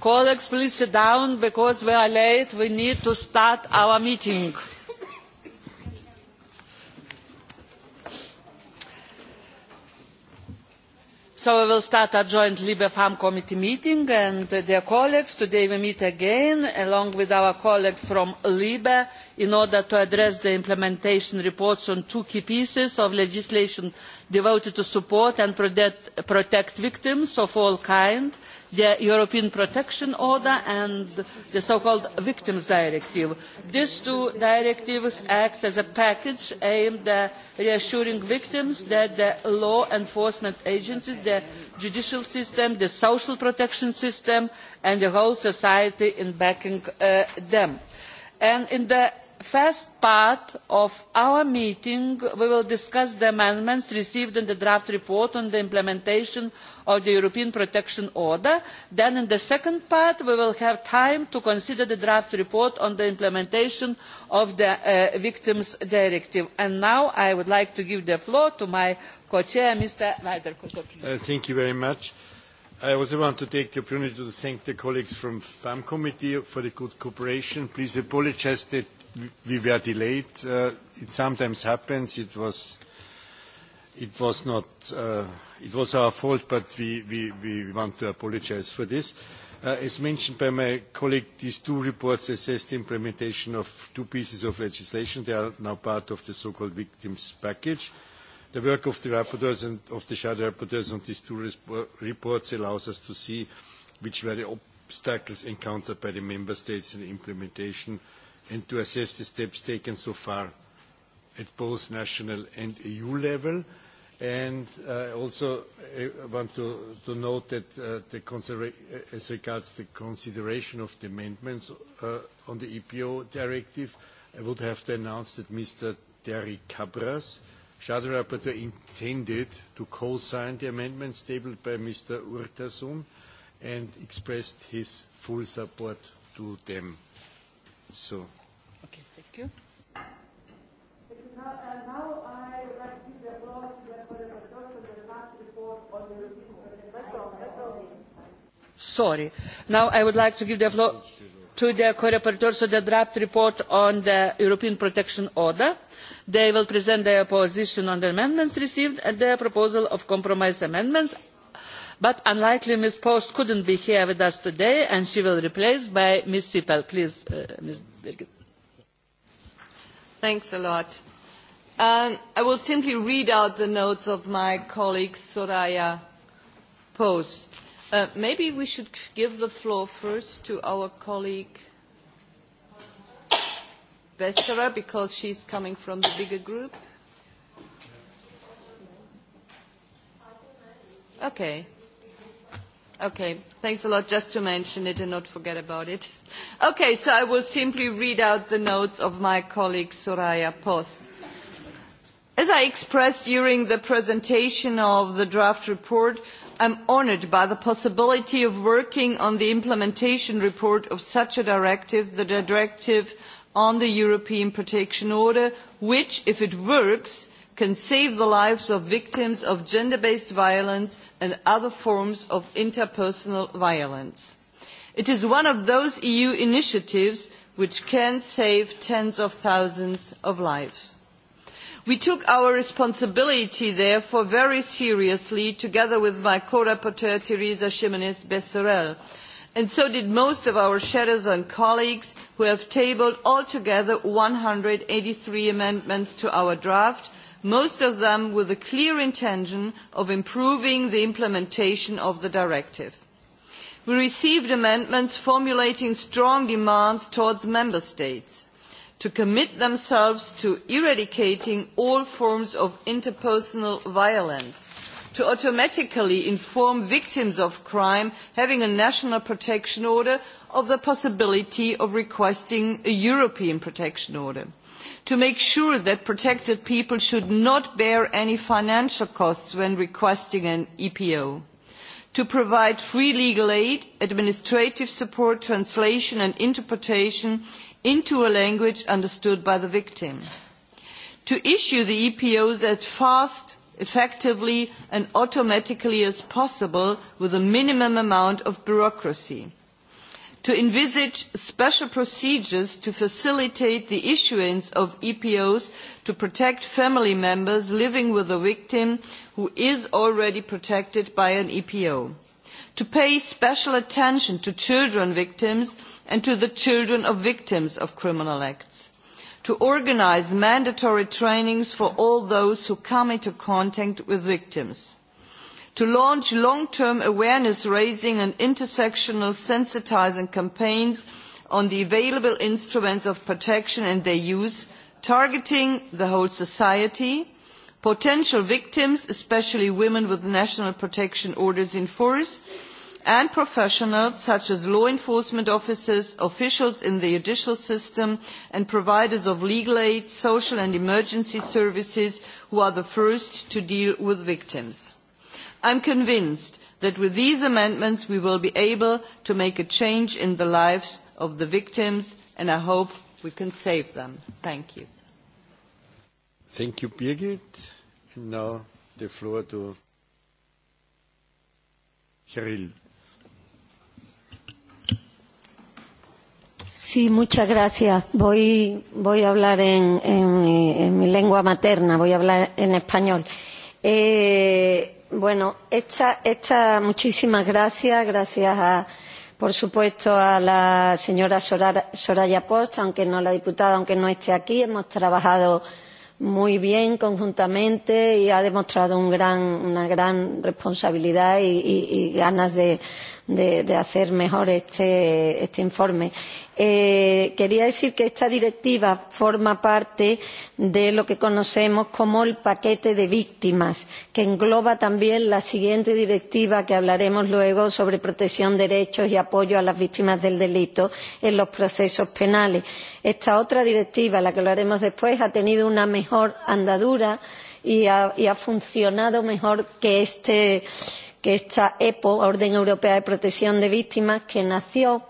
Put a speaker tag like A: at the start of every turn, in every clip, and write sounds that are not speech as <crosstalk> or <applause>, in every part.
A: Colleagues, please sit down because we are late. We need to start our meeting. So we will start our joint Libe Farm Committee meeting and uh, dear colleagues, today we meet again along with our colleagues from Libe in order to address the implementation reports on two key pieces of legislation devoted to support and protect, victims of all kinds, the European Protection Order and the so-called Victims Directive. These two directives act as a package aimed at reassuring victims that the law enforcement agencies, the judicial system, the social protection system and the whole society are backing uh, them. And in the first part of our meeting, we will discuss the amendments received in the draft report on the implementation of the European Protection Order. Then in the second part, we will have time to consider the draft report on the implementation of the uh, Victims Directive. And now I would like to give the floor to my co-chair, Mr. vidal
B: Uh, thank you very much. I also want to take the opportunity to thank the colleagues from the femm Committee for the good cooperation. Please apologise that we were delayed. Uh, it sometimes happens. It was it was not uh, it was our fault, but we, we, we want to apologize for this. Uh, as mentioned by my colleague, these two reports assess the implementation of two pieces of legislation. They are now part of the so-called victims package. The work of the rapporteurs and of the shadow rapporteurs on these two reports allows us to see which were the obstacles encountered by the member states in the implementation uh, and to assess the steps taken so far at both national and EU level. And uh, also uh, want to, note that uh, uh, as regards the consideration of the amendments on the EPO directive, I would have to announce that Mr. Terry Cabras, Shadow Rapporteur, intended to co-sign the amendments tabled by Mr. Urtasun and expressed his full support to them. So
A: Sorry. Now I would like to give the floor to the co-rapporteurs of the draft report on the European Protection Order. They will present their position on the amendments received and their proposal of compromise amendments. But unlikely Ms. Post couldn't be here with us today and she will replace by Ms. Sipel. Please, uh, Ms. Birgit.
C: Thanks a lot. Um, I will simply read out the notes of my colleague Soraya Post. Uh, maybe we should give the floor first to our colleague Bessera because she's coming from the bigger group. Okay. Okay, thanks a lot. Just to mention it and not forget about it. <laughs> Okay, so I will simply read out the notes of my colleague Soraya Post as i expressed during the presentation of the draft report i am honoured by the possibility of working on the implementation report of such a directive the directive on the european protection order which if it works can save the lives of victims of gender based violence and other forms of interpersonal violence. it is one of those eu initiatives which can save tens of thousands of lives. We took our responsibility, therefore, very seriously, together with my co-rapporteur, Teresa Jimenez Becerril. And so did most of our shadows and colleagues who have tabled altogether one hundred and eighty three amendments to our draft, most of them with the clear intention of improving the implementation of the directive. We received amendments formulating strong demands towards member states to commit themselves to eradicating all forms of interpersonal violence, to automatically inform victims of crime having a national protection order of the possibility of requesting a European protection order, to make sure that protected people should not bear any financial costs when requesting an EPO to provide free legal aid, administrative support, translation and interpretation into a language understood by the victim. To issue the EPOs as fast, effectively and automatically as possible with a minimum amount of bureaucracy. To envisage special procedures to facilitate the issuance of EPOs to protect family members living with a victim who is already protected by an EPO to pay special attention to children victims and to the children of victims of criminal acts to organise mandatory trainings for all those who come into contact with victims to launch long term awareness raising and intersectional sensitising campaigns on the available instruments of protection and their use targeting the whole society potential victims, especially women with national protection orders in force, and professionals such as law enforcement officers, officials in the judicial system and providers of legal aid, social and emergency services who are the first to deal with victims. I am convinced that with these amendments we will be able to make a change in the lives of the victims and I hope we can save them. Thank you.
B: Thank you, Birgit. now the floor to Kirill.
D: Sí, muchas gracias. Voy, a hablar en, mi, lengua materna, voy a hablar en español. Eh, bueno, muchísimas gracias, gracias por supuesto a la señora Soraya Post, aunque no la diputada, aunque no esté aquí. Hemos trabajado muy bien conjuntamente y ha demostrado un gran, una gran responsabilidad y, y, y ganas de, de, de hacer mejor este, este informe. Eh, quería decir que esta directiva forma parte de lo que conocemos como el paquete de víctimas, que engloba también la siguiente directiva que hablaremos luego sobre protección de derechos y apoyo a las víctimas del delito en los procesos penales. Esta otra directiva, la que lo haremos después, ha tenido una mejor andadura y ha, y ha funcionado mejor que este que esta EPO, Orden Europea de Protección de Víctimas, que nació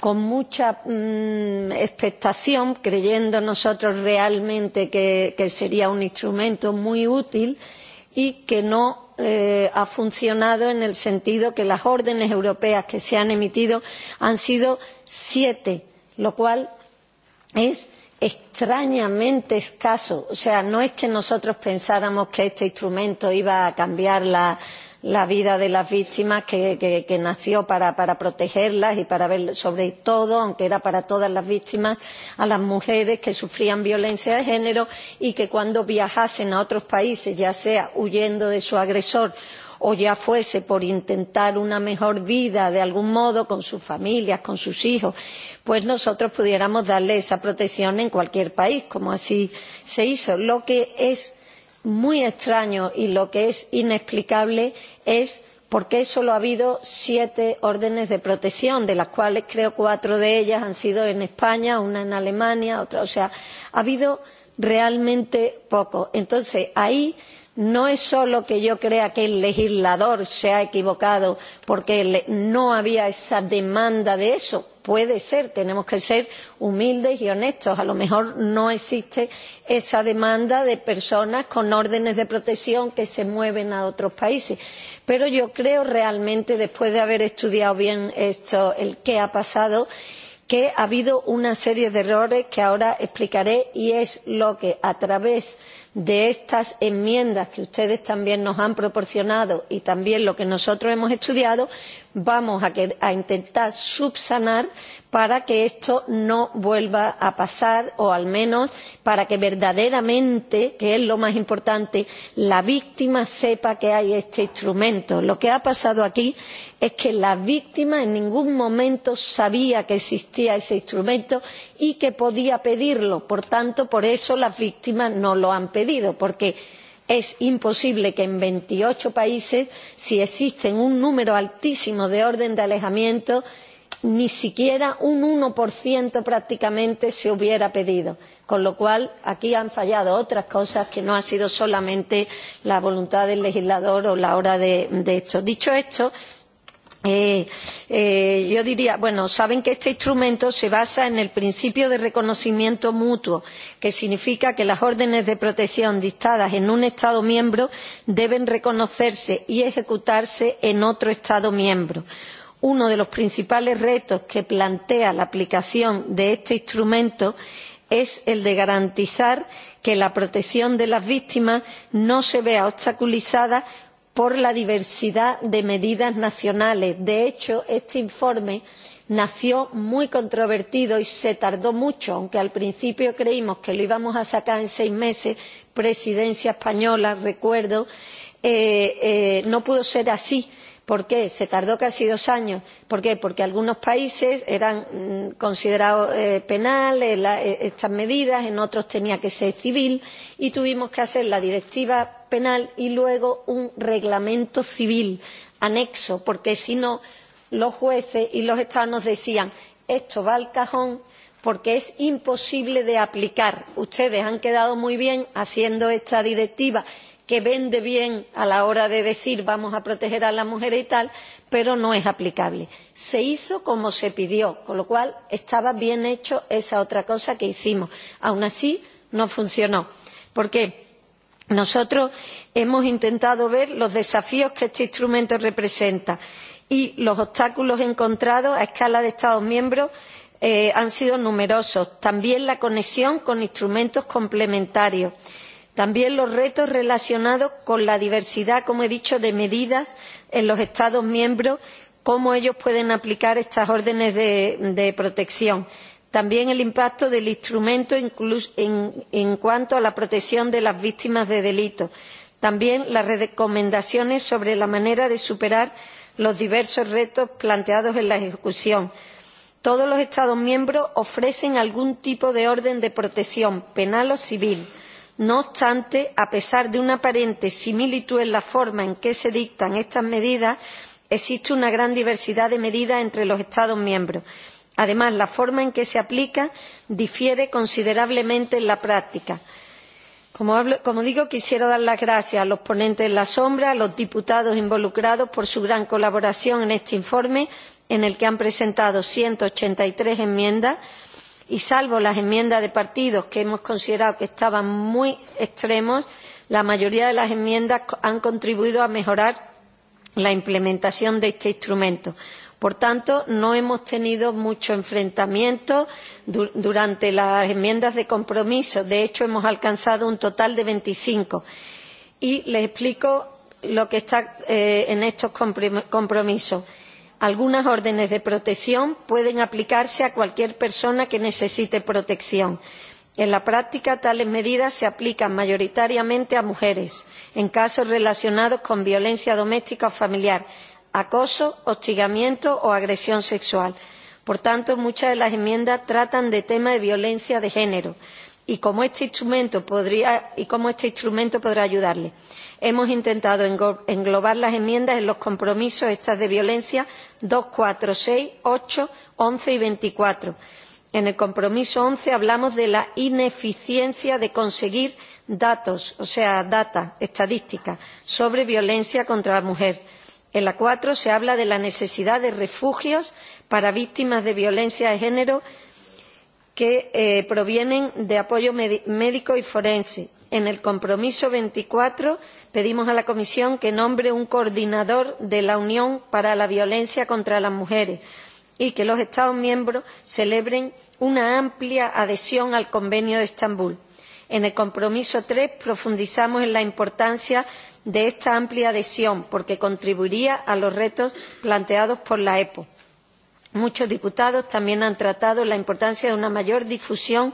D: con mucha mmm, expectación, creyendo nosotros realmente que, que sería un instrumento muy útil y que no eh, ha funcionado en el sentido que las órdenes europeas que se han emitido han sido siete, lo cual es extrañamente escaso. O sea, no es que nosotros pensáramos que este instrumento iba a cambiar la, la vida de las víctimas que, que, que nació para, para protegerlas y para ver sobre todo, aunque era para todas las víctimas, a las mujeres que sufrían violencia de género y que cuando viajasen a otros países, ya sea huyendo de su agresor o ya fuese por intentar una mejor vida de algún modo con sus familias, con sus hijos, pues nosotros pudiéramos darle esa protección en cualquier país, como así se hizo, lo que es muy extraño y lo que es inexplicable es por qué solo ha habido siete órdenes de protección, de las cuales creo cuatro de ellas han sido en España, una en Alemania, otra. O sea, ha habido realmente poco. Entonces, ahí no es solo que yo crea que el legislador se ha equivocado porque no había esa demanda de eso, puede ser tenemos que ser humildes y honestos a lo mejor no existe esa demanda de personas con órdenes de protección que se mueven a otros países pero yo creo realmente después de haber estudiado bien esto el qué ha pasado que ha habido una serie de errores que ahora explicaré y es lo que a través de de estas enmiendas que ustedes también nos han proporcionado y también lo que nosotros hemos estudiado vamos a, que, a intentar subsanar para que esto no vuelva a pasar o al menos para que verdaderamente que es lo más importante la víctima sepa que hay este instrumento. lo que ha pasado aquí es que la víctima en ningún momento sabía que existía ese instrumento y que podía pedirlo. por tanto por eso las víctimas no lo han pedido porque es imposible que en veintiocho países si existe un número altísimo de órdenes de alejamiento se ni siquiera un 1% prácticamente se hubiera pedido. Con lo cual, aquí han fallado otras cosas que no ha sido solamente la voluntad del legislador o la hora de, de esto. Dicho esto, Eh, eh, yo diría, bueno, saben que este instrumento se basa en el principio de reconocimiento mutuo, que significa que las órdenes de protección dictadas en un Estado miembro deben reconocerse y ejecutarse en otro Estado miembro uno de los principales retos que plantea la aplicación de este instrumento es el de garantizar que la protección de las víctimas no se vea obstaculizada por la diversidad de medidas nacionales. de hecho este informe nació muy controvertido y se tardó mucho aunque al principio creímos que lo íbamos a sacar en seis meses presidencia española recuerdo eh, eh, no pudo ser así ¿Por qué? Se tardó casi dos años. ¿Por qué? Porque algunos países eran mm, considerados eh, penales la, eh, estas medidas, en otros tenía que ser civil y tuvimos que hacer la directiva penal y luego un reglamento civil anexo, porque si no, los jueces y los estados nos decían esto va al cajón porque es imposible de aplicar. Ustedes han quedado muy bien haciendo esta directiva que vende bien a la hora de decir vamos a proteger a las mujeres y tal, pero no es aplicable. Se hizo como se pidió, con lo cual estaba bien hecha esa otra cosa que hicimos. aun así, no funcionó. ¿Por qué? Nosotros hemos intentado ver los desafíos que este instrumento representa y los obstáculos encontrados a escala de Estados miembros eh, han sido numerosos. También la conexión con instrumentos complementarios. Eh, También los retos relacionados con la diversidad, como he dicho, de medidas en los Estados miembros, cómo ellos pueden aplicar estas órdenes de, de protección. También el impacto del instrumento en, en cuanto a la protección de las víctimas de delitos. También las recomendaciones sobre la manera de superar los diversos retos planteados en la ejecución. Todos los Estados miembros ofrecen algún tipo de orden de protección, penal o civil No obstante, a pesar de una aparente similitud en la forma en que se dictan estas medidas, existe una gran diversidad de medidas entre los Estados miembros. Además, la forma en que se aplica difiere considerablemente en la práctica. Como, hablo, como digo, quisiera dar las gracias a los ponentes en la sombra, a los diputados involucrados por su gran colaboración en este informe, en el que han presentado 183 enmiendas y salvo las enmiendas de partidos que hemos considerado que estaban muy extremos, la mayoría de las enmiendas han contribuido a mejorar la implementación de este instrumento. Por tanto, no hemos tenido mucho enfrentamiento du durante las enmiendas de compromiso. De hecho, hemos alcanzado un total de 25. Y les explico lo que está eh, en estos comprom compromisos algunas órdenes de protección pueden aplicarse a cualquier persona que necesite protección. en la práctica tales medidas se aplican mayoritariamente a mujeres en casos relacionados con violencia doméstica o familiar acoso hostigamiento o agresión sexual. por tanto muchas de las enmiendas tratan de temas de violencia de género y cómo este instrumento podría, y cómo este instrumento podrá ayudarles. hemos intentado englobar las enmiendas en los compromisos estas de violencia dos cuatro seis ocho once y veinticuatro en el compromiso once hablamos de la ineficiencia de conseguir datos o sea data estadística sobre violencia contra la mujer. en la cuatro se habla de la necesidad de refugios para víctimas de violencia de género que eh, provienen de apoyo médico y forense. en el compromiso veinticuatro se pedimos a la comisión que nombre un coordinador de la unión para la violencia contra las mujeres y que los estados miembros celebren una amplia adhesión al convenio de estambul. en el compromiso tres profundizamos en la importancia de esta amplia adhesión porque contribuiría a los retos planteados por la oep. muchos diputados también han tratado la importancia de una mayor difusión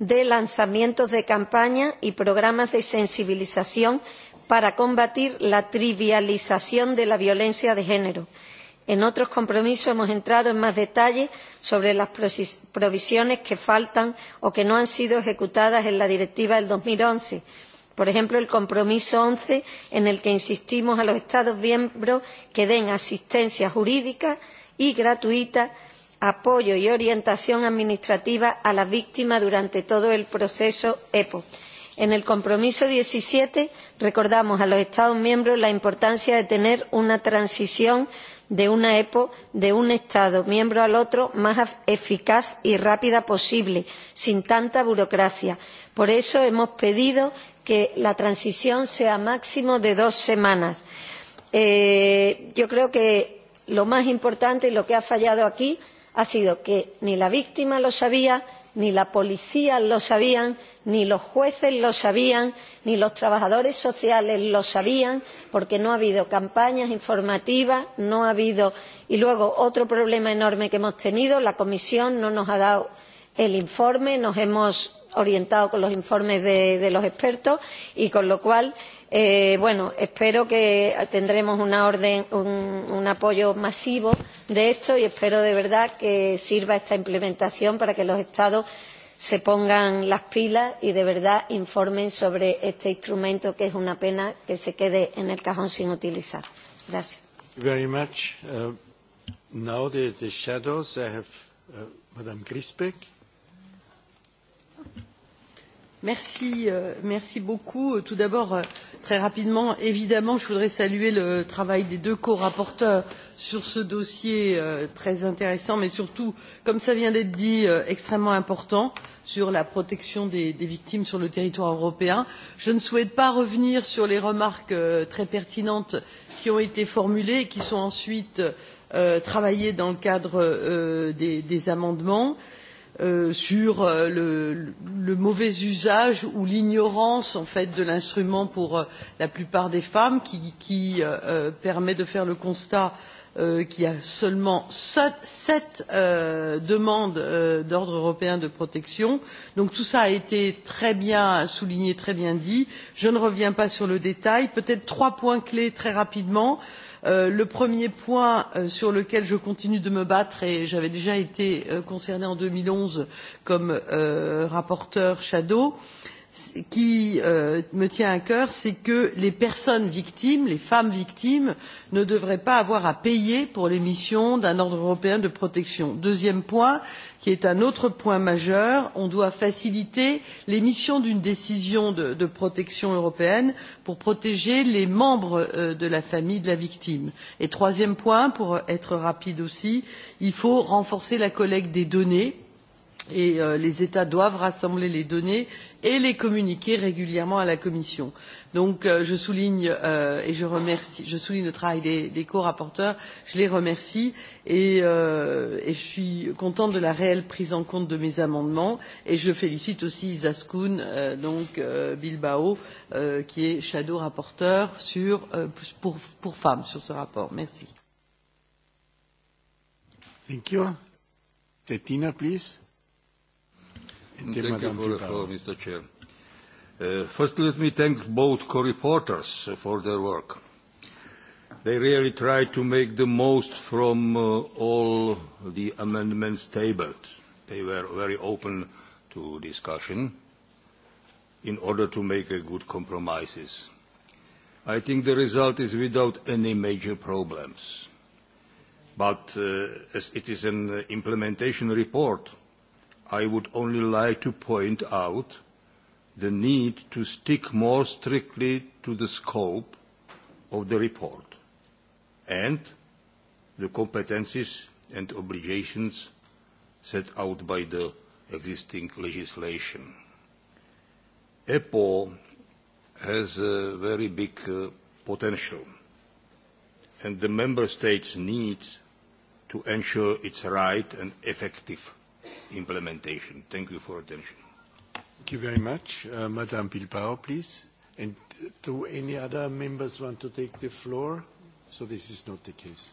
D: de lanzamientos de campañas y programas de sensibilización para combatir la trivialización de la violencia de género. En otros compromisos hemos entrado en más detalle sobre las provisiones que faltan o que no han sido ejecutadas en la directiva del 2011. Por ejemplo, el compromiso 11, en el que insistimos a los Estados miembros que den asistencia jurídica y gratuita, apoyo y orientación administrativa a las víctimas durante todo el proceso EPO en el compromiso diecisiete recordamos a los estados miembros la importancia de tener una transición de una oep de un estado miembro al otro lo más eficaz y rápida posible sin tanta burocracia. por eso hemos pedido que la transición sea máximo de dos semanas. Eh, yo creo que lo más importante y lo que ha fallado aquí ha sido que ni la víctima lo sabía ni la policía lo sabían ni ni los jueces lo sabían, ni los trabajadores sociales lo sabían, porque no ha habido campañas informativas, no ha habido. Y luego, otro problema enorme que hemos tenido, la Comisión no nos ha dado el informe, nos hemos orientado con los informes de, de los expertos y con lo cual eh, bueno, espero que tendremos una orden, un, un apoyo masivo de esto y espero de verdad que sirva esta implementación para que los Estados se pongan las pilas y de verdad informen sobre este instrumento que es una pena que se quede en el cajón sin utilizar. Gracias.
B: Very much. Uh, now the, the shadows. I have uh, Madame Grisbeck.
E: Merci, euh, merci beaucoup. Euh, tout d'abord, euh, très rapidement, évidemment, je voudrais saluer le travail des deux co-rapporteurs euh, sur ce dossier euh, très intéressant, mais surtout, comme ça vient d'être dit, euh, extrêmement important sur la protection des, des victimes sur le territoire européen. Je ne souhaite pas revenir sur les remarques euh, très pertinentes qui ont été formulées et qui sont ensuite euh, travaillées dans le cadre euh, des, des amendements. Euh, sur euh, le, le mauvais usage ou l'ignorance en fait de l'instrument pour euh, la plupart des femmes qui, qui euh, euh permet de faire le constat euh, Euh, qui a seulement sept euh, demandes euh, d'ordre européen de protection. donc tout cela a été très bien souligné très bien dit. je ne reviens pas sur le détail. peut être trois points clés très rapidement. le premier point sur lequel je continue de me battre et j'avais déjà été concernée en deux mille onze comme rapporteure fictive qui euh, me tient à cœur c'est que les personnes victimes les femmes victimes ne devraient pas avoir à payer pour les missions d'un ordre européen de protection. deuxième point qui est un autre point majeur on doit faciliter l'émission d'une décision de, de protection européenne pour protéger les membres euh, de la famille de la victime. et troisième point pour être rapide aussi il faut renforcer la collecte des données et euh, les États doivent rassembler les données et les communiquer régulièrement à la Commission. Euh, je souligne euh, et je remercie, je souligne le travail des, corapporteurs je les remercie euh, et, je suis contente de la réelle prise en compte de mes amendements et je félicite aussi Zaskun, euh, donc Bilbao, qui est shadow rapporteur sur, pour, femm sur ce rapport. Merci.
F: Thank Madame you for the floor, Mr. Chair. Uh, first, let me thank both co-reporters for their work. They really tried to make the most from uh, all the amendments tabled. They were very open to discussion in order to make a good compromises. I think the result is without any major problems. But uh, as it is an uh, implementation report, i would only like to point out the need to stick more strictly to the scope of the report and the competencies and obligations set out by the existing legislation. EPO has a very big uh, potential, and the member states needs to ensure its right and effective implementation. Thank you for attention.
B: Thank you very much. Uh, Madame Bilbao, please. And do any other members want to take the floor? So this is not the case.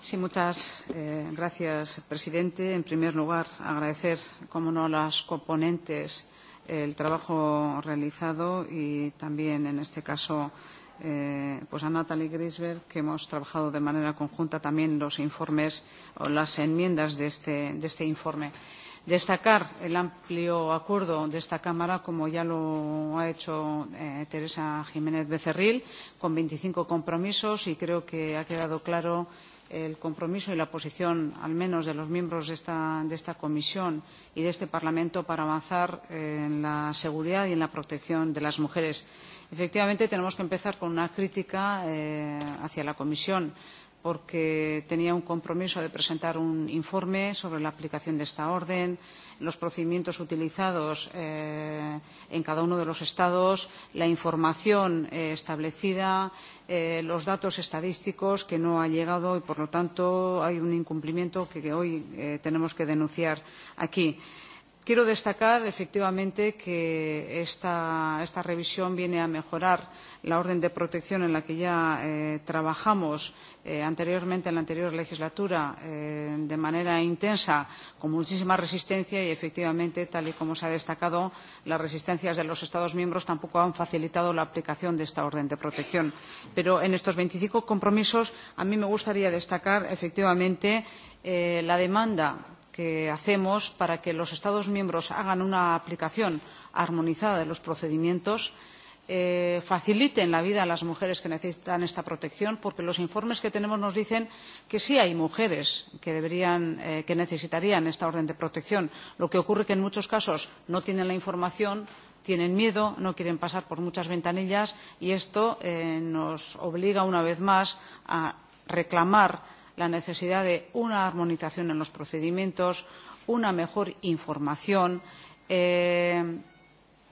G: Sí, muchas eh, gracias, presidente. En primer lugar, agradecer, como no, a las coponentes el trabajo realizado y también, en este caso, eh, pues a Natalie Grisberg, que hemos trabajado de manera conjunta también los informes o las enmiendas de este, de este informe. Destacar el amplio acuerdo de esta Cámara, como ya lo ha hecho eh, Teresa Jiménez Becerril, con 25 compromisos y creo que ha quedado claro el compromiso y la posición, al menos de los miembros de esta, de esta comisión y de este Parlamento, para avanzar en la seguridad y en la protección de las mujeres. Efectivamente, tenemos que empezar con una crítica eh, hacia la Comisión, porque tenía un compromiso de presentar un informe sobre la aplicación de esta orden, los procedimientos utilizados eh, en cada uno de los Estados, la información eh, establecida, eh, los datos estadísticos que no ha llegado y, por lo tanto, hay un incumplimiento que, que hoy eh, tenemos que denunciar aquí. Eh, quiero destacar efectivamente que esta, revisión viene a mejorar la orden de protección en la que ya eh, trabajamos eh, anteriormente en la anterior legislatura eh, de manera intensa con muchísima resistencia y efectivamente tal y como se ha destacado las resistencias de los estados miembros tampoco han facilitado la aplicación de esta orden de protección pero en estos 25 compromisos a mí me gustaría destacar efectivamente la demanda que hacemos para que los Estados miembros hagan una aplicación armonizada de los procedimientos eh, faciliten la vida a las mujeres que necesitan esta protección, porque los informes que tenemos nos dicen que sí hay mujeres que, deberían, eh, que necesitarían esta orden de protección. Lo que ocurre es que en muchos casos no tienen la información, tienen miedo, no quieren pasar por muchas ventanillas y esto eh, nos obliga una vez más a reclamar la necesidad de una armonización en los procedimientos una mejor información eh,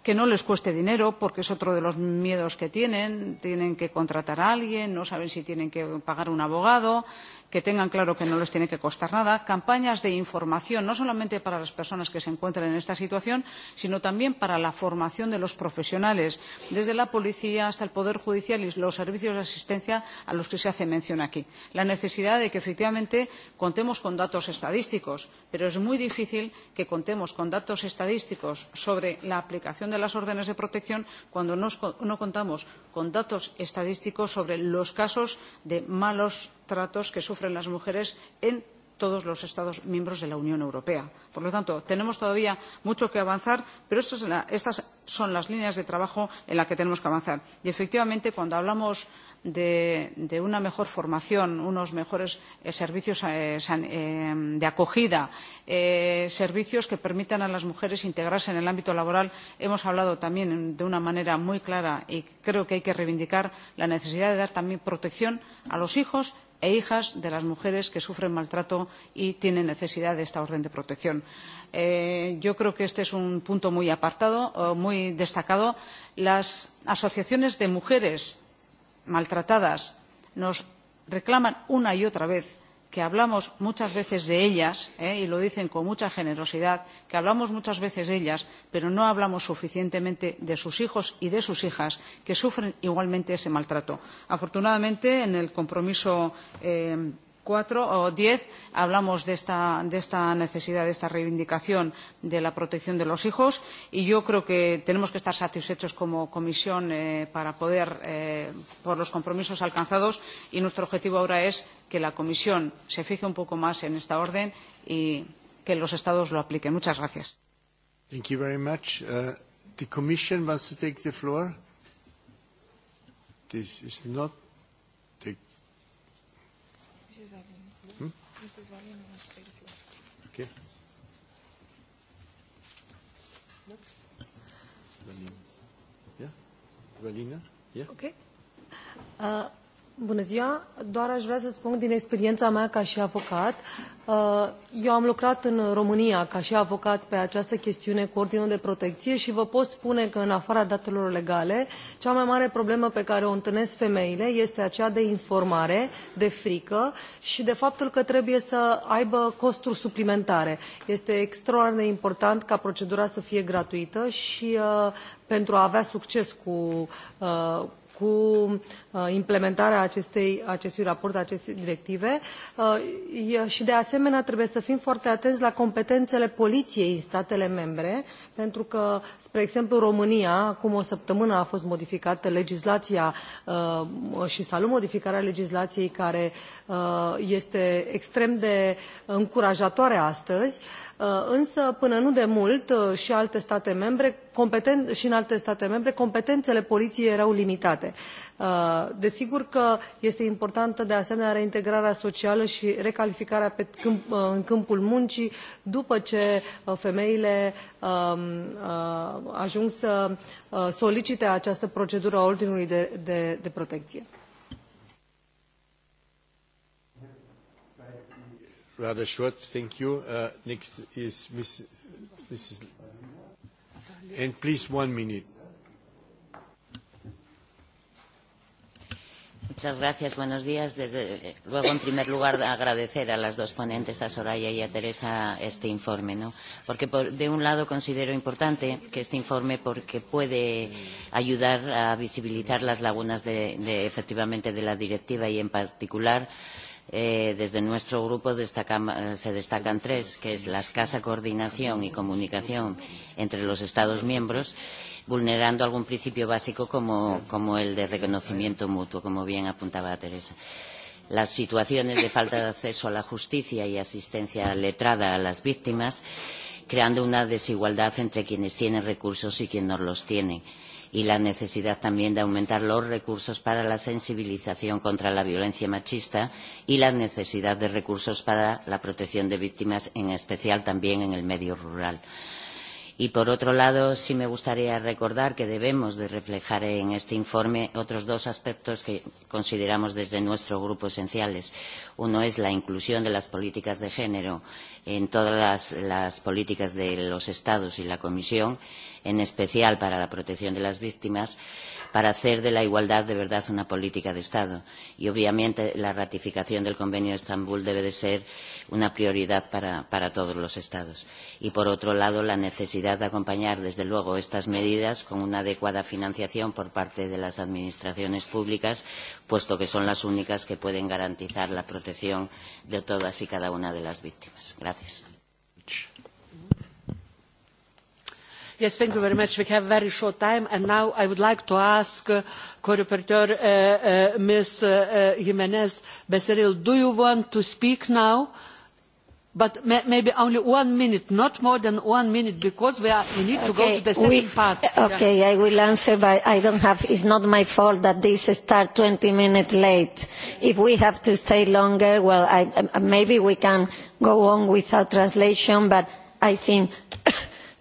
G: que no les cueste dinero porque es otro de los miedos que tienen tienen que contratar a alguien no saben si tienen que pagar un abogado que tengan claro que no les tiene que costar nada campañas de información no solamente para las personas que se encuentran en esta situación sino también para la formación de los profesionales desde la policía hasta el poder judicial y los servicios de asistencia a los que se hace mención aquí la necesidad de que efectivamente contemos con datos estadísticos pero es muy difícil que contemos con datos estadísticos sobre la aplicación de las órdenes de protección cuando no, no contamos con datos estadísticos sobre los casos de malos tratos que sufren las mujeres en todos los Estados miembros de la Unión Europea. Por lo tanto, tenemos todavía mucho que avanzar, pero estas, estas son las líneas de trabajo en las que tenemos que avanzar. Y efectivamente, cuando hablamos de, de una mejor formación, unos mejores eh, servicios eh, san, eh, de acogida, eh, servicios que permitan a las mujeres integrarse en el ámbito laboral, hemos hablado también de una manera muy clara y creo que hay que reivindicar la necesidad de dar también protección a los hijos e hijas de las mujeres que sufren maltrato y tienen necesidad de esta orden de protección. Eh, yo creo que este es un punto muy apartado, muy destacado. Las asociaciones de mujeres maltratadas nos reclaman una y otra vez que hablamos muchas veces de ellas ¿eh? y lo dicen con mucha generosidad que hablamos muchas veces de ellas pero no hablamos suficientemente de sus hijos y de sus hijas que sufren igualmente ese maltrato. afortunadamente en el compromiso de eh, cuatro o diez hablamos de esta, de esta necesidad, de esta reivindicación de la protección de los hijos y yo creo que tenemos que estar satisfechos como Comisión eh, para poder, eh, por los compromisos alcanzados y nuestro objetivo ahora es que la Comisión se fije un poco más en esta orden y que los Estados lo apliquen. Muchas gracias.
B: Thank you very much. Uh, the Commission wants to take the floor. This is not se Varney no, Yeah?
H: Okay. Uh, Bună ziua! Doar aș vrea să spun din experiența mea ca și avocat. Uh, eu am lucrat în România ca și avocat pe această chestiune cu ordinul de protecție și vă pot spune că în afara datelor legale, cea mai mare problemă pe care o întâlnesc femeile este aceea de informare, de frică și de faptul că trebuie să aibă costuri suplimentare. Este extraordinar de important ca procedura să fie gratuită și uh, pentru a avea succes cu, uh, cu uh, implementarea acestei, acestui raport, acestei directive uh, și de asemenea trebuie să fim foarte atenți la competențele poliției în statele membre pentru că, spre exemplu, România, acum o săptămână a fost modificată legislația uh, și salut modificarea legislației care uh, este extrem de încurajatoare astăzi, uh, însă până nu de mult și alte state membre competen- și în alte state membre competențele poliției erau limitate. Desigur că este importantă de asemenea reintegrarea socială și recalificarea pe câmp, în câmpul muncii după ce femeile um, Uh, ajuns să uh, solicite această procedură a ordinului de, de, de protecție.
B: Rather short, thank you. Uh, next is Miss, Mrs. And please one minute.
I: Muchas gracias. Buenos días. Desde luego, en primer lugar, agradecer a las dos ponentes, a Soraya y a Teresa, este informe, ¿no? Porque, por, de un lado, considero importante que este informe porque puede ayudar a visibilizar las lagunas de, de, efectivamente de la directiva y, en particular, eh, Eh, desde nuestro grupo destacan, eh, se destacan tres, que es la escasa coordinación y comunicación entre los Estados miembros, vulnerando algún principio básico como, como el de reconocimiento mutuo, como bien apuntaba Teresa las situaciones de falta de acceso a la justicia y asistencia letrada a las víctimas, creando una desigualdad entre quienes tienen recursos y quienes no los tienen. Eh, y la necesidad también de aumentar los recursos para la sensibilización contra la violencia machista y la necesidad de recursos para la protección de víctimas, en especial también en el medio rural. Y por otro lado, sí me gustaría recordar que debemos de reflejar en este informe otros dos aspectos que consideramos desde nuestro grupo esenciales. Uno es la inclusión de las políticas de género en todas las, las políticas de los Estados y la Comisión, en especial para la protección de las víctimas, para hacer de la igualdad de verdad una política de Estado. Y obviamente la ratificación del Convenio de Estambul debe de ser una prioridad para, para todos los Estados. Y por otro lado, la necesidad de acompañar, desde luego, estas medidas con una adecuada financiación por parte de las administraciones públicas, puesto que son las únicas que pueden garantizar la protección de todas y cada una de las víctimas. Gracias.
A: Yes, thank you very much. We have very short time, and now I would like to ask uh, co-reporter uh, uh, Ms. Uh, uh, Jimenez Becerril, do you want to speak now? But may, maybe only one minute, not more than one minute, because we,
D: are, we need okay, to go to the second we, part. Okay, yeah. I will answer, but I don't have, it's not my fault that this start 20 minutes late. If we have to stay longer, well, I, maybe we can go on without translation, but I think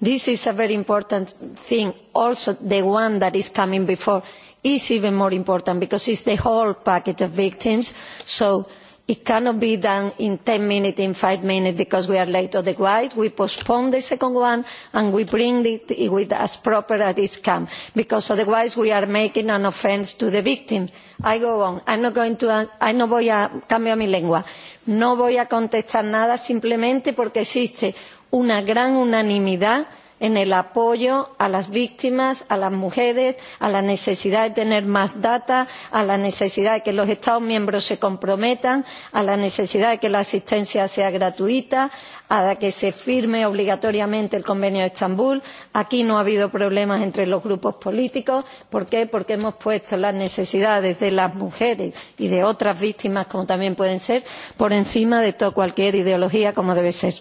D: This is a very important thing. Also, the one that is coming before is even more important because it's the whole package of victims. So it cannot be done in ten minutes, in five minutes because we are late. Otherwise, we postpone the second one and we bring it with as proper as it comes because otherwise we are making an offence to the victim. I go on. I'm not going to, I no voy a, cambio mi lengua. No voy a contestar nada simplemente porque existe una gran unanimidad en el apoyo a las víctimas, a las mujeres, a la necesidad de tener más datos, a la necesidad de que los Estados miembros se comprometan, a la necesidad de que la asistencia sea gratuita, a que se firme obligatoriamente el convenio de Estambul. Aquí no ha habido problemas entre los grupos políticos. ¿Por qué? Porque hemos puesto las necesidades de las mujeres y de otras víctimas, como también pueden ser, por encima de cualquier ideología, como debe ser.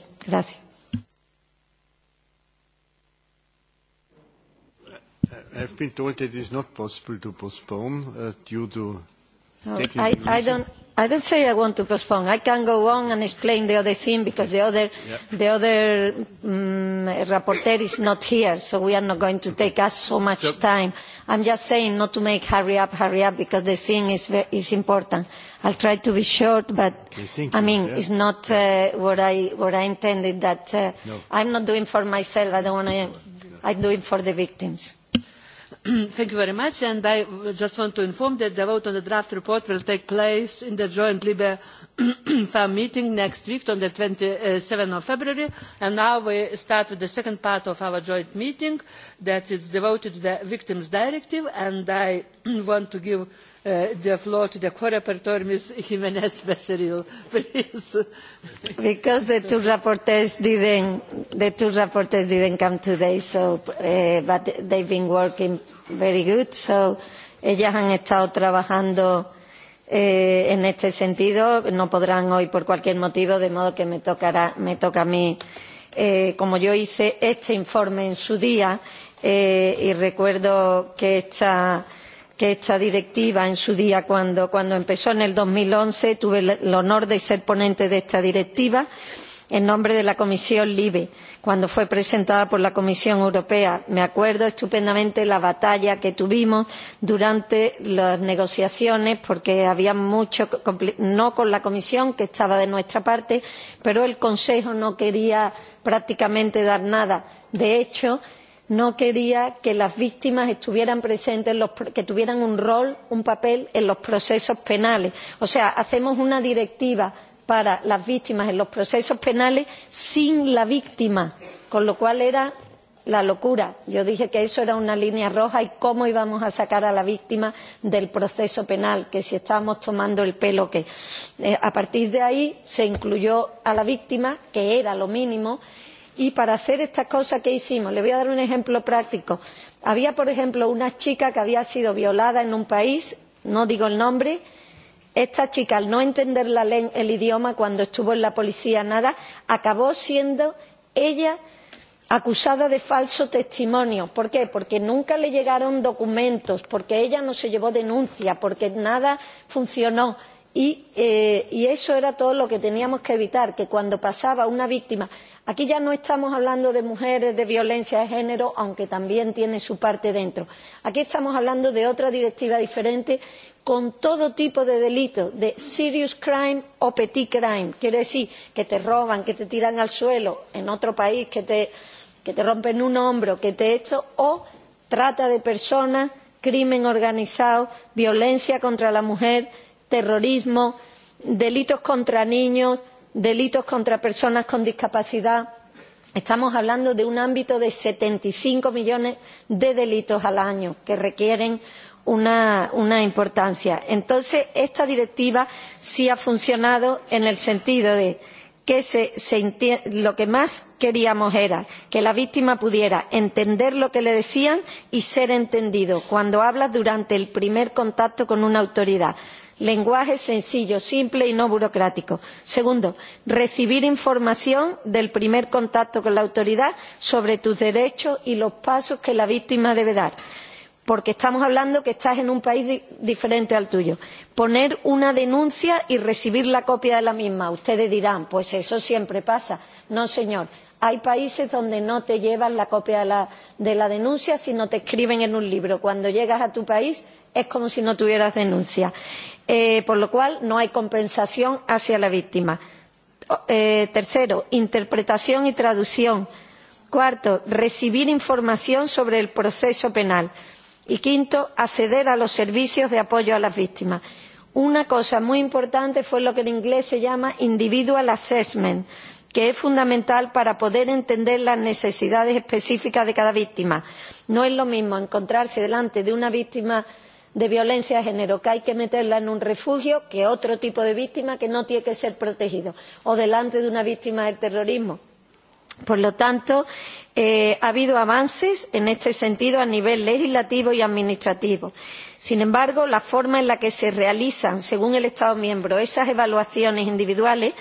B: I've been told that it is not possible to postpone uh, due to no, technical I, I don't.
D: I don't say I want to postpone. I can go on and explain the other thing because the other, yeah. the other um, rapporteur is not here, so we are not going to take us so much so, time. I'm just saying not to make hurry up, hurry up, because the thing is, very, is important. I'll try to be short, but okay, I mean, yeah. it's not uh, what, I, what I intended that uh, no. I'm not doing for myself. I don't want to. No. I'm doing for the victims.
A: <clears throat> Thank you very much. And I just want to inform that the vote on the draft report will take place in the joint Libe <clears throat> farm meeting next week on the 27th February. And now we start with the second part of our joint meeting that is devoted to the Victims Directive. And I <clears throat> want to give Eh, the floor to the co-rapporteur, Ms. Jimenez Becerril, <laughs> please.
D: because the two rapporteurs didn't, the two rapporteurs didn't come today, so, uh, but they've been working very good. So ellas han estado trabajando eh, en este sentido. No podrán hoy por cualquier motivo, de modo que me, tocará, me toca a mí, eh, como yo hice este informe en su día, eh, y recuerdo que esta que esta directiva en su día cuando, empezó en dos mil once tuve el honor de ser ponente de esta directiva en nombre de la comisión libe cuando fue presentada por la comisión europea. me acuerdo estupendamente de la batalla que tuvimos durante las negociaciones porque había mucho no con la comisión que estaba de nuestra parte pero el consejo no quería prácticamente dar nada. de hecho no quería que las víctimas estuvieran presentes que tuvieran un rol un papel en los procesos penales. o sea hacemos una directiva para las víctimas en los procesos penales sin la víctima con lo cual era la locura. yo dije que eso era una línea roja y cómo íbamos a sacar a la víctima del proceso penal que si estábamos tomando el pelo qué. Eh, a partir de ahí se incluyó a la víctima que era lo mínimo y para hacer estas cosas que hicimos le voy a dar un ejemplo práctico había por ejemplo una chica que había sido violada en un país no digo el nombre esta chica al no entender la el idioma cuando estuvo en la policía nada acabó siendo ella acusada de falso testimonio. ¿Por qué? Porque nunca le llegaron documentos, porque ella no se llevó denuncia, porque nada funcionó. Y, eh, y eso era todo lo que teníamos que evitar, que cuando pasaba una víctima Aquí ya no estamos hablando de mujeres, de violencia de género, aunque también tiene su parte dentro. Aquí estamos hablando de otra directiva diferente con todo tipo de delitos, de serious crime o petit crime. Quiere decir que te roban, que te tiran al suelo en otro país, que te, que te rompen un hombro, que te esto, o trata de personas, crimen organizado, violencia contra la mujer, terrorismo, delitos contra niños, delitos contra personas con discapacidad estamos hablando de un ámbito de setenta y cinco millones de delitos al año que requieren una, una importancia. entonces esta directiva sí ha funcionado en el sentido de que se, se lo que más queríamos era que la víctima pudiera entender lo que le decían y ser entendido cuando habla durante el primer contacto con una autoridad lenguaje sencillo, simple y no burocrático. Segundo, recibir información del primer contacto con la autoridad sobre tus derechos y los pasos que la víctima debe dar porque estamos hablando que estás en un país diferente al tuyo. Poner una denuncia y recibir la copia de la misma. Ustedes dirán, pues eso siempre pasa. No, señor. Hay países donde no te llevan la copia de la, de la denuncia, sino te escriben en un libro. Cuando llegas a tu país, es como si no tuvieras denuncia. Eh, por lo cual, no hay compensación hacia la víctima. Eh, tercero, interpretación y traducción. Cuarto, recibir información sobre el proceso penal. Y quinto, acceder a los servicios de apoyo a las víctimas. Una cosa muy importante fue lo que en inglés se llama individual assessment, que es fundamental para poder entender las necesidades específicas de cada víctima. No es lo mismo encontrarse delante de una víctima de violencia de género que hay que meterla en un refugio que otro tipo de víctima que no tiene que ser protegido o delante de una víctima del terrorismo. por lo tanto eh, ha habido avances en este sentido a nivel legislativo y administrativo. sin embargo la forma en la que se realizan según el estado miembro esas evaluaciones individuales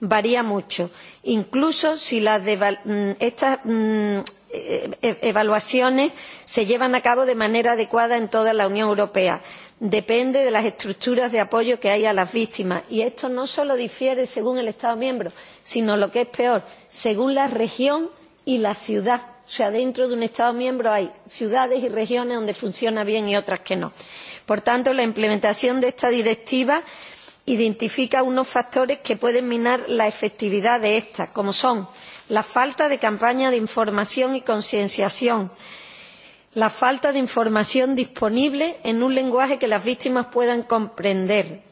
D: varía mucho incluso si las de, mm, estas mm, E, e, evaluaciones se llevan a cabo de manera adecuada en toda la Unión Europea. Depende de las estructuras de apoyo que hay a las víctimas. Y esto no solo difiere según el Estado miembro, sino lo que es peor, según la región y la ciudad. O sea, dentro de un Estado miembro hay ciudades y regiones donde funciona bien y otras que no. Por tanto, la implementación de esta directiva identifica unos factores que pueden minar la efectividad de esta, como son la falta de campaña de información y concienciación la falta de información disponible en un lenguaje que las víctimas puedan comprender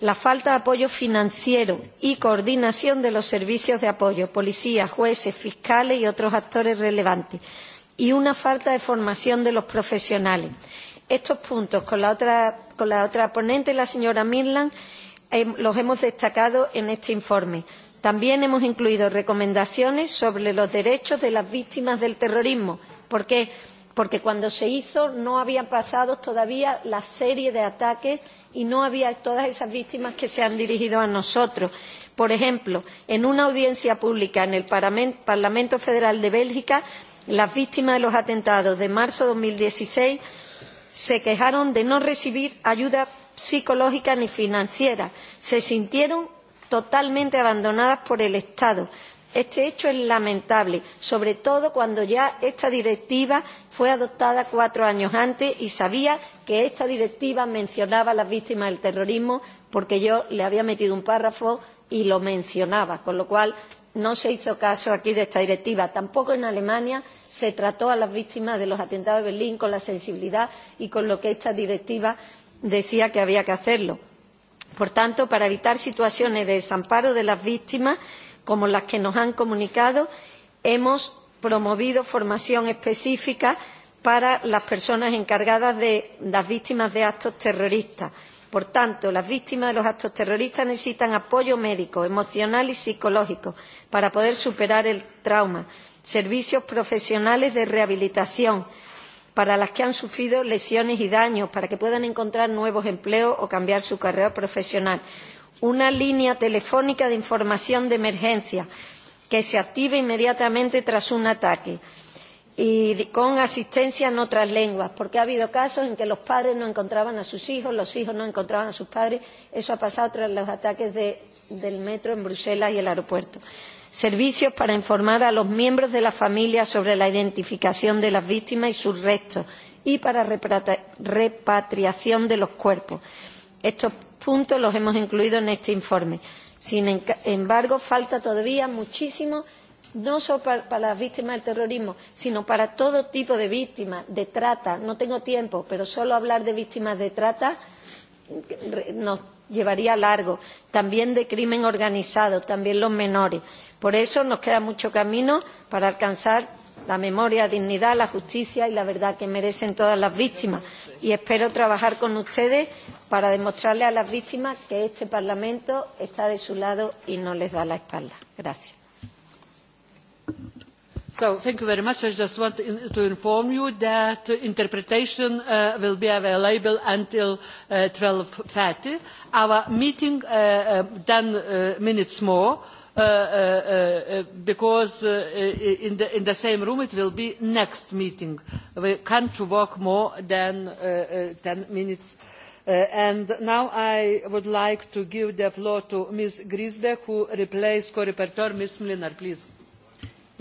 D: la falta de apoyo financiero y coordinación de los servicios de apoyo policías jueces fiscales y otros actores relevantes y una falta de formación de los profesionales. estos puntos con la otra, con la otra ponente la señora mirland eh, los hemos destacado en este informe. También hemos incluido recomendaciones sobre los derechos de las víctimas del terrorismo. ¿Por qué? Porque cuando se hizo no habían pasado todavía la serie de ataques y no había todas esas víctimas que se han dirigido a nosotros. Por ejemplo, en una audiencia pública en el Parlamento Federal de Bélgica, las víctimas de los atentados de marzo de 2016 se quejaron de no recibir ayuda psicológica ni financiera. Se sintieron totalmente abandonadas por el Estado. Este hecho es lamentable, sobre todo cuando ya esta directiva fue adoptada cuatro años antes y sabía que esta directiva mencionaba a las víctimas del terrorismo porque yo le había metido un párrafo y lo mencionaba, con lo cual no se hizo caso aquí de esta directiva. Tampoco en Alemania se trató a las víctimas de los atentados de Berlín con la sensibilidad y con lo que esta directiva decía que había que hacerlo Por tanto, para evitar situaciones de desamparo de las víctimas, como las que nos han comunicado, hemos promovido formación específica para las personas encargadas de las víctimas de actos terroristas. Por tanto, las víctimas de los actos terroristas necesitan apoyo médico, emocional y psicológico para poder superar el trauma, servicios profesionales de rehabilitación, para las que han sufrido lesiones y daños, para que puedan encontrar nuevos empleos o cambiar su carrera profesional. Una línea telefónica de información de emergencia que se active inmediatamente tras un ataque y con asistencia en otras lenguas, porque ha habido casos en que los padres no encontraban a sus hijos, los hijos no encontraban a sus padres. Eso ha pasado tras los ataques de, del metro en Bruselas y el aeropuerto. Servicios para informar a los miembros de la familia sobre la identificación de las víctimas y sus restos y para repatriación de los cuerpos. Estos puntos los hemos incluido en este informe. Sin embargo, falta todavía muchísimo no solo para, para las víctimas del terrorismo, sino para todo tipo de víctimas de trata. No tengo tiempo, pero solo hablar de víctimas de trata nos llevaría largo. También de crimen organizado, también los menores. Por eso nos queda mucho camino para alcanzar la memoria, la dignidad, la justicia y la verdad que merecen todas las víctimas. Y espero trabajar con ustedes para demostrarle a las víctimas que este Parlamento está de su lado y no les da la espalda. Gracias.
A: So, thank you very much. I just want to inform you that interpretation uh, will be available until uh, thirty Our meeting, is uh, uh, ten minutes more, because in, the, same room it will be the next meeting. We cannot work more than ten minutes. and now I would like to give the floor to Ms. griesbeck who replaced co-repertor Ms. Mlinar, please.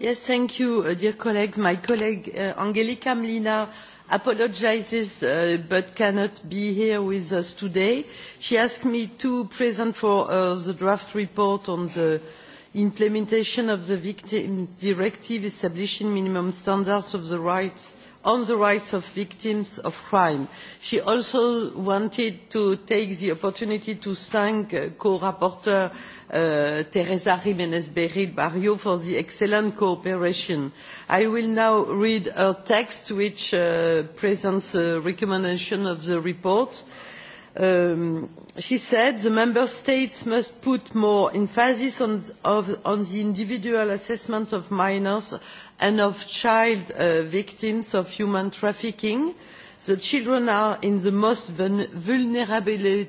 E: Yes, thank you, uh, dear colleagues. My colleague uh, Angelika Mlina apologises, uh, but cannot be here with us today. She asked me to present for uh, the draft report on the implementation of the Victims Directive establishing minimum standards of the rights on the rights of victims of crime. She also wanted to take the opportunity to thank uh, co-rapporteur uh, Teresa Jimenez Berid Barrio for the excellent cooperation. I will now read a text, which uh, presents a recommendation of the report. Um, she said the member states must put more emphasis on, the individual assessment of minors and of child uh, victims of human trafficking. the children are in the most vulnerable,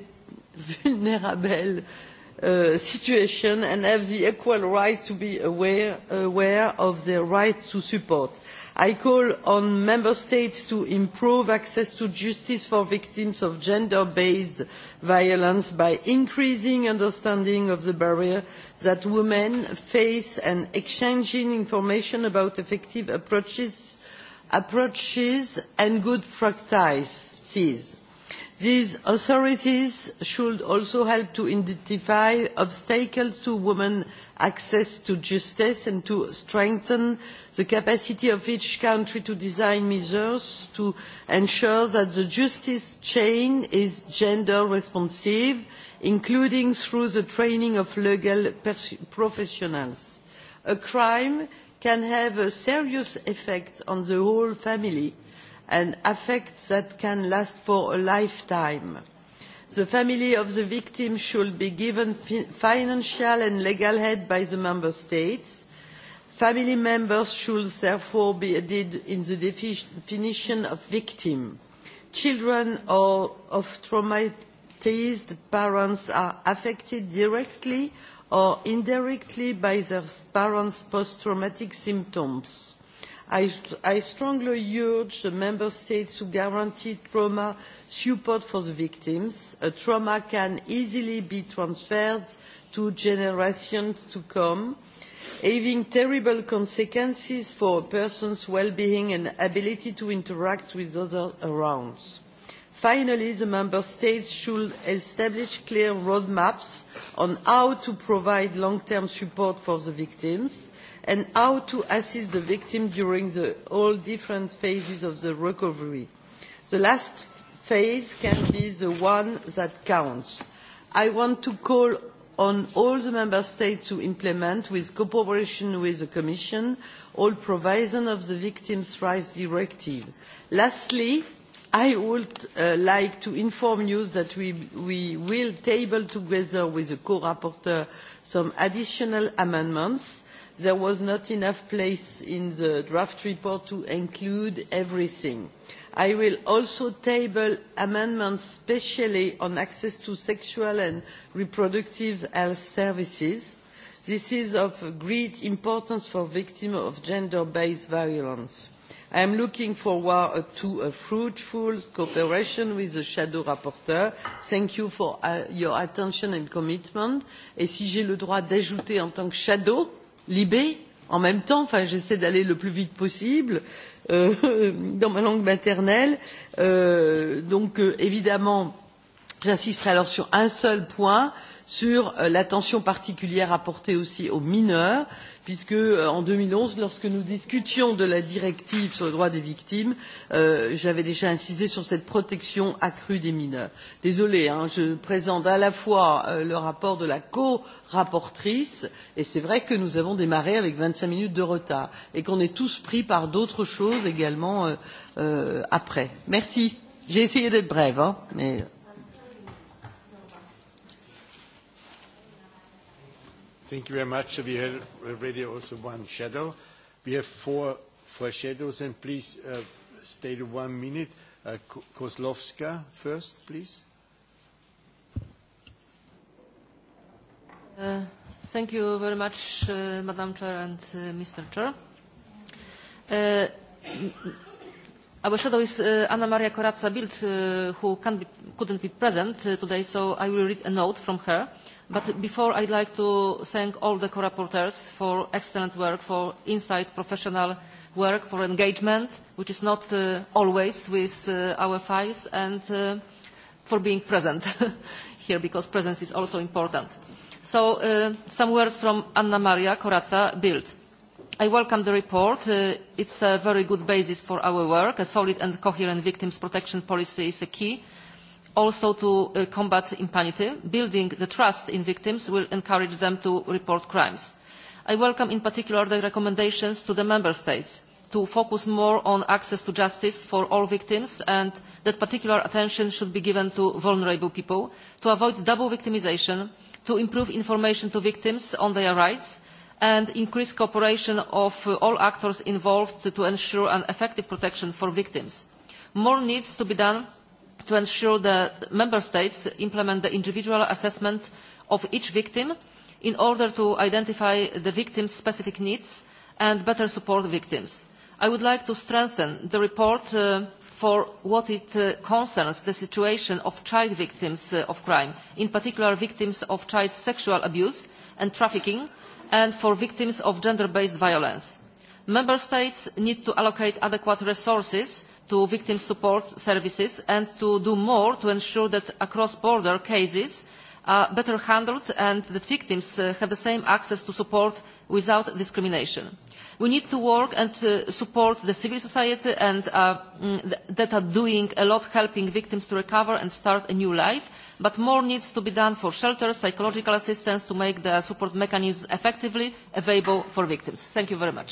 E: uh, situation and have the equal right to be aware of their rights to support i call on member states to improve access to justice for victims of gender based violence by increasing understanding of the barriers that women face and exchanging information about effective approaches, approaches and good practices. These authorities should also help to identify obstacles to women's access to justice and to strengthen the capacity of each country to design measures to ensure that the justice chain is gender responsive, including through the training of legal professionals. A crime can have a serious effect on the whole family and affects that can last for a lifetime. The family of the victim should be given fi financial and legal aid by the member states. Family members should therefore be added in the definition of victim. Children or of traumatized parents are affected directly or indirectly by their parents' post-traumatic symptoms i, strongly urge the member states to guarantee trauma support for the victims. A trauma can easily be transferred to generations to come, having terrible consequences for a person's well-being and ability to interact with others around. Finally, the member states should establish clear roadmaps on how to provide long-term support for the victims and how to assist the victim during the all different phases of the recovery. The last phase can be the one that counts. I want to call on all the Member States to implement, with cooperation with the Commission, all provisions of the Victims' Rights Directive. Lastly, I would uh, like to inform you that we, we will table together with the co-rapporteur some additional amendments there was not enough place in the draft report to include everything. I will also table amendments specially on access to sexual and reproductive health services. This is of great importance for victims of gender-based violence. I am looking forward to a fruitful cooperation with the shadow rapporteur. Thank you for uh, your attention and commitment. Et si j'ai le droit d'ajouter en tant que shadow, Libé, en même temps, enfin j'essaie d'aller le plus vite possible euh, <laughs> dans ma langue maternelle. Euh, donc euh, évidemment, j'insisterai alors sur un seul point, sur euh, l'attention particulière apportée aussi aux mineurs puisque euh, en 2011, lorsque nous discutions de la directive sur le droit des victimes, euh, j'avais déjà insisté sur cette protection accrue des mineurs. Désolée, hein, je présente à la fois euh, le rapport de la co-rapportrice, et c'est vrai que nous avons démarré avec 25 minutes de retard, et qu'on est tous pris par d'autres choses également euh, euh, après. Merci. J'ai essayé d'être brève, hein, mais euh, Thank you very much.
B: We have already also one shadow. We have four, shadows, and please uh, stay to one minute. Uh, Kozlowska first, please.
J: Uh, thank you very much, Madam Chair and Mr. Chair. our shadow is Anna Maria Corazza-Bildt, who can't be couldn't be present uh, today, so I will read a note from her. But before, I'd like to thank all the co-rapporteurs for excellent work, for insight, professional work, for engagement, which is not uh, always with uh, our files, and uh, for being present <laughs> here, because presence is also important. So, uh, some words from Anna Maria Corazza Bild. I welcome the report. Uh, it's a very good basis for our work. A solid and coherent victims protection policy is a key also to uh, combat impunity. Building the trust in victims will encourage them to report crimes. I welcome in particular the recommendations to the Member States to focus more on access to justice for all victims and that particular attention should be given to vulnerable people, to avoid double victimisation, to improve information to victims on their rights, and increase cooperation of uh, all actors involved to ensure an effective protection for victims. More needs to be done to ensure that member states implement the individual assessment of each victim in order to identify the victim's specific needs and better support victims. I would like to strengthen the report uh, for what it uh, concerns the situation of child victims uh, of crime, in particular victims of child sexual abuse and trafficking, and for victims of gender-based violence. Member States need to allocate adequate resources to victim support services and to do more to ensure that across-border cases are better handled and that victims uh, have the same access to support without discrimination. We need to work and uh, support the civil society and, uh, mm, that are doing a lot helping victims to recover and start a new life, but more needs to be done for shelters, psychological assistance to make the support mechanisms effectively available for victims. Thank you very much.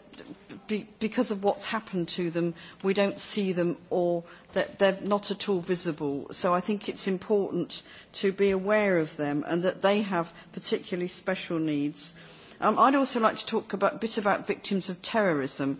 K: because of what's happened to them, we don't see them or that they're not at all visible. So I think it's important to be aware of them and that they have particularly special needs. Um, I'd also like to talk a bit about victims of terrorism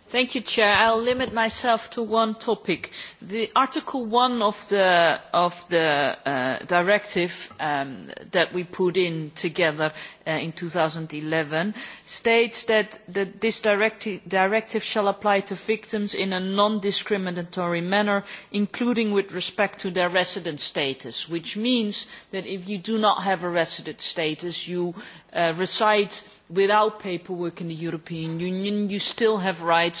L: Thank you, Chair. I'll limit myself to one topic. Article 1 of the, of the uh, directive um, that we put in together uh, in 2011 states that, that this directi directive shall apply to victims in a non-discriminatory manner, including with respect to their resident status, which means that if you do not have a resident status, you uh, reside without paperwork in the European Union, you still have rights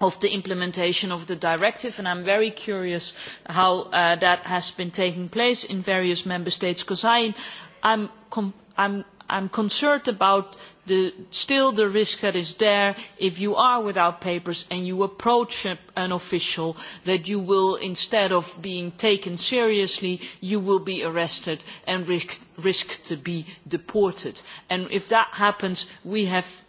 L: of the implementation of the directive and I'm very curious how uh, that has been taking place in various member states because I'm, I'm, I'm, concerned about the, still the risk that is there if you are without papers and you approach an official that you will instead of being taken seriously you will be arrested and risk, risk to be deported and if that happens we have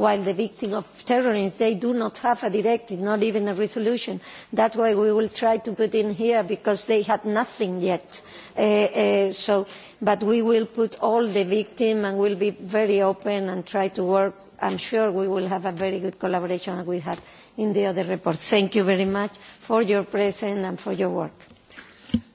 D: while the victims of terrorists, they do not have a directive, not even a resolution. is why we will try to put in here, because they had nothing yet. Uh, uh, so, but we will put all the victims and will be very open and try to work. I'm sure we will have a very good collaboration as we have in the other reports. Thank you very much for your presence and for your work.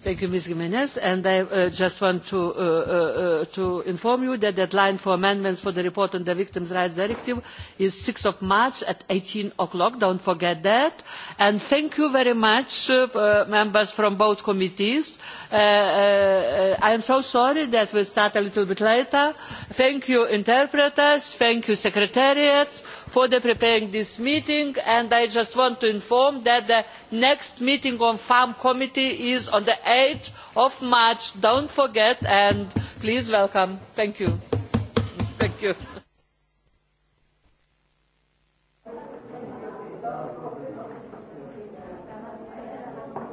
A: Thank you, Ms. Jimenez. And I uh, just want to, uh, uh, to inform you that the deadline for amendments for the report on the Victims' Rights Directive is 6th of March at 18 o'clock. Don't forget that. And thank you very much, uh, uh, members from both committees. Uh, uh, I am so sorry that we start a little bit later. Thank you, interpreters. Thank you, secretariats, for the preparing this meeting. And I just want to inform that the next meeting on Farm Committee is on the 8th of March. Don't forget and please welcome. Thank you. Thank you.